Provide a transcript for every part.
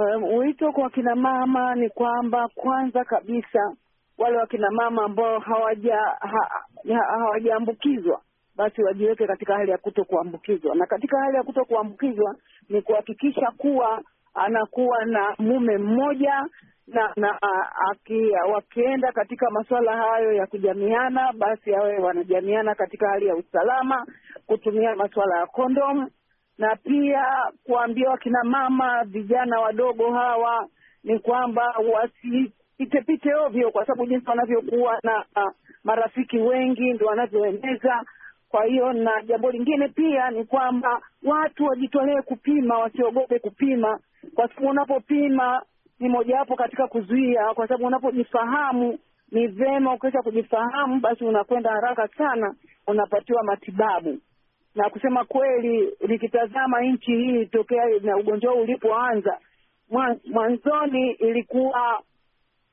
Um, wito kwa kina mama ni kwamba kwanza kabisa wale wakina mama ambao hawajaambukizwa ha, hawaja basi wajiweke katika hali ya kuto kuambukizwa, na katika hali ya kuto kuambukizwa ni kuhakikisha kuwa anakuwa na mume mmoja na, na aki, wakienda katika masuala hayo ya kujamiana, basi awe wanajamiana katika hali ya usalama, kutumia masuala ya kondomu na pia kuambia wakina mama vijana wadogo hawa ni kwamba wasipitepite ovyo, kwa sababu jinsi wanavyokuwa na uh, marafiki wengi ndo wanavyoeneza. Kwa hiyo na jambo lingine pia ni kwamba watu wajitolee kupima, wasiogope kupima, kwa sababu unapopima ni mojawapo katika kuzuia, kwa sababu unapojifahamu ni vema. Ukiweza kujifahamu, basi unakwenda haraka sana, unapatiwa matibabu na kusema kweli, nikitazama nchi hii tokea na ugonjwa huu ulipoanza, mwanzoni ilikuwa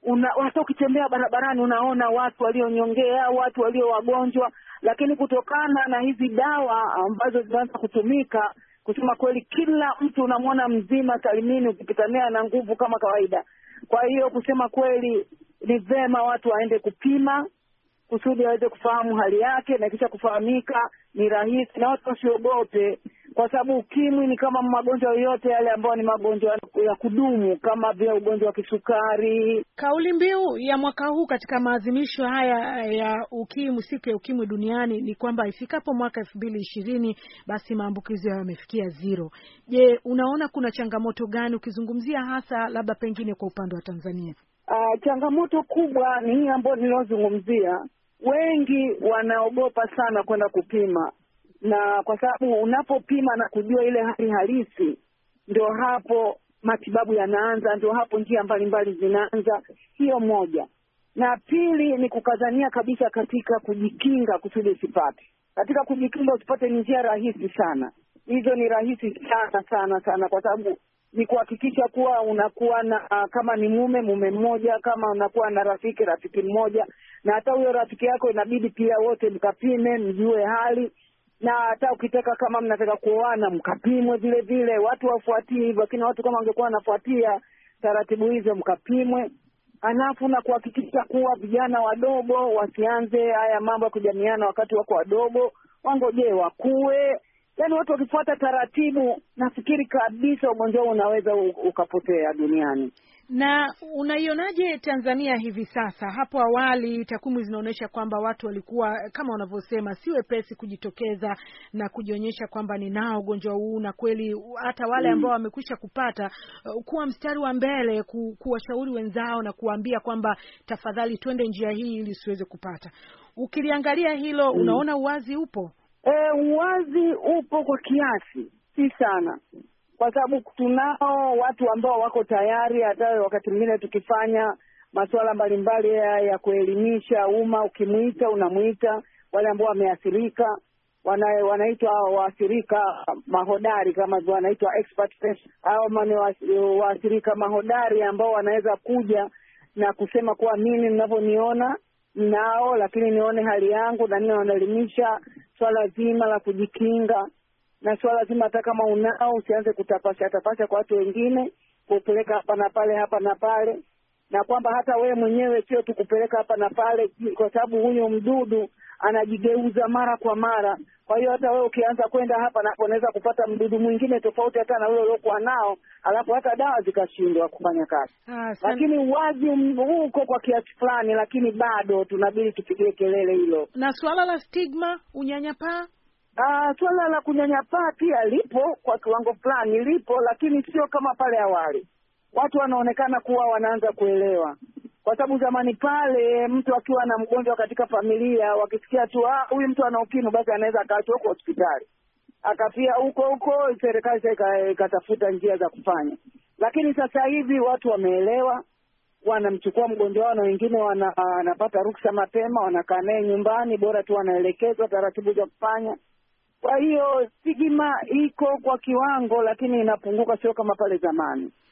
una, hata ukitembea barabarani unaona watu walionyongea, watu walio wagonjwa, lakini kutokana na hizi dawa ambazo zinaanza kutumika, kusema kweli, kila mtu unamwona mzima salimini, ukipitania na nguvu kama kawaida. Kwa hiyo kusema kweli, ni vema watu waende kupima kusudi aweze kufahamu hali yake, na kisha kufahamika ni rahisi, na watu wasiogope, kwa sababu ukimwi ni kama magonjwa yoyote yale ambayo ni magonjwa ya kudumu kama vile ugonjwa wa kisukari. Kauli mbiu ya mwaka huu katika maadhimisho haya ya ukimwi, siku ya ukimwi duniani, ni kwamba ifikapo mwaka elfu mbili ishirini basi maambukizi hayo yamefikia zero. Je, unaona kuna changamoto gani ukizungumzia hasa labda pengine kwa upande wa Tanzania? Ah, changamoto kubwa ni hii ambayo niliyozungumzia. Wengi wanaogopa sana kwenda kupima, na kwa sababu unapopima na kujua ile hali halisi, ndio hapo matibabu yanaanza, ndio hapo njia mbalimbali zinaanza. Hiyo moja, na pili ni kukazania kabisa katika kujikinga kusudi usipate. Katika kujikinga usipate ni njia rahisi sana, hizo ni rahisi sana sana sana, kwa sababu ni kuhakikisha kuwa unakuwa na ah, kama ni mume mume mmoja, kama unakuwa na rafiki rafiki mmoja, na hata huyo rafiki yako inabidi pia wote mkapime, mjue hali, na hata ukitaka kama mnataka kuoana mkapimwe vile vile. Watu wafuatii hivyo, lakini watu kama wangekuwa wanafuatia taratibu hizo, mkapimwe halafu na kuhakikisha kuwa vijana wadogo wasianze haya mambo ya kujamiana wakati wako wadogo, wangojee wakuwe yani watu wakifuata taratibu, nafikiri kabisa ugonjwa huu unaweza ukapotea duniani. Na unaionaje Tanzania hivi sasa? Hapo awali takwimu zinaonyesha kwamba watu walikuwa kama wanavyosema, si wepesi kujitokeza na kujionyesha kwamba ninao ugonjwa huu, na kweli hata wale mm. ambao wamekwisha kupata uh, kuwa mstari wa mbele ku, kuwashauri wenzao na kuwaambia kwamba tafadhali twende njia hii ili usiweze kupata. Ukiliangalia hilo, mm. unaona uwazi upo? E, uwazi upo kwa kiasi, si sana, kwa sababu tunao watu ambao wako tayari. Hata wakati mwingine tukifanya masuala mbalimbali ya kuelimisha umma, ukimwita unamwita wale ambao wameathirika wana, wanaitwa waathirika mahodari kama wanaitwa expert au waathirika mahodari ambao wanaweza kuja na kusema kuwa mimi ninavyoniona nao, lakini nione hali yangu na nini, wanaelimisha swala zima la kujikinga na swala zima, hata kama unao usianze kutapasha tapasha kwa watu wengine, kupeleka hapa na pale hapa na pale, na kwamba hata wewe mwenyewe sio tu kupeleka hapa na pale, kwa sababu huyo mdudu anajigeuza mara kwa mara kwa hiyo hata wewe ukianza kwenda hapa na hapo, unaweza kupata mdudu mwingine tofauti hata na ule uliokuwa nao, alafu hata dawa zikashindwa kufanya kazi. Ah, lakini uwazi uko kwa kiasi fulani, lakini bado tunabidi tupigie kelele hilo. Na suala la stigma, unyanyapaa Uh, swala la kunyanyapaa pia lipo kwa kiwango fulani, lipo lakini sio kama pale awali. Watu wanaonekana kuwa wanaanza kuelewa kwa sababu zamani pale mtu akiwa na mgonjwa katika familia, wakisikia tu ah, huyu mtu ana ukimwi, basi anaweza akaachwa huko hospitali akafia huko huko, serikali ikatafuta njia za kufanya. Lakini sasa hivi watu wameelewa, wanamchukua mgonjwa wao, na wengine wanapata ruksa mapema, wanakaa naye nyumbani, bora tu wanaelekezwa taratibu za kufanya. Kwa hiyo stigma iko kwa kiwango, lakini inapunguka, sio kama pale zamani.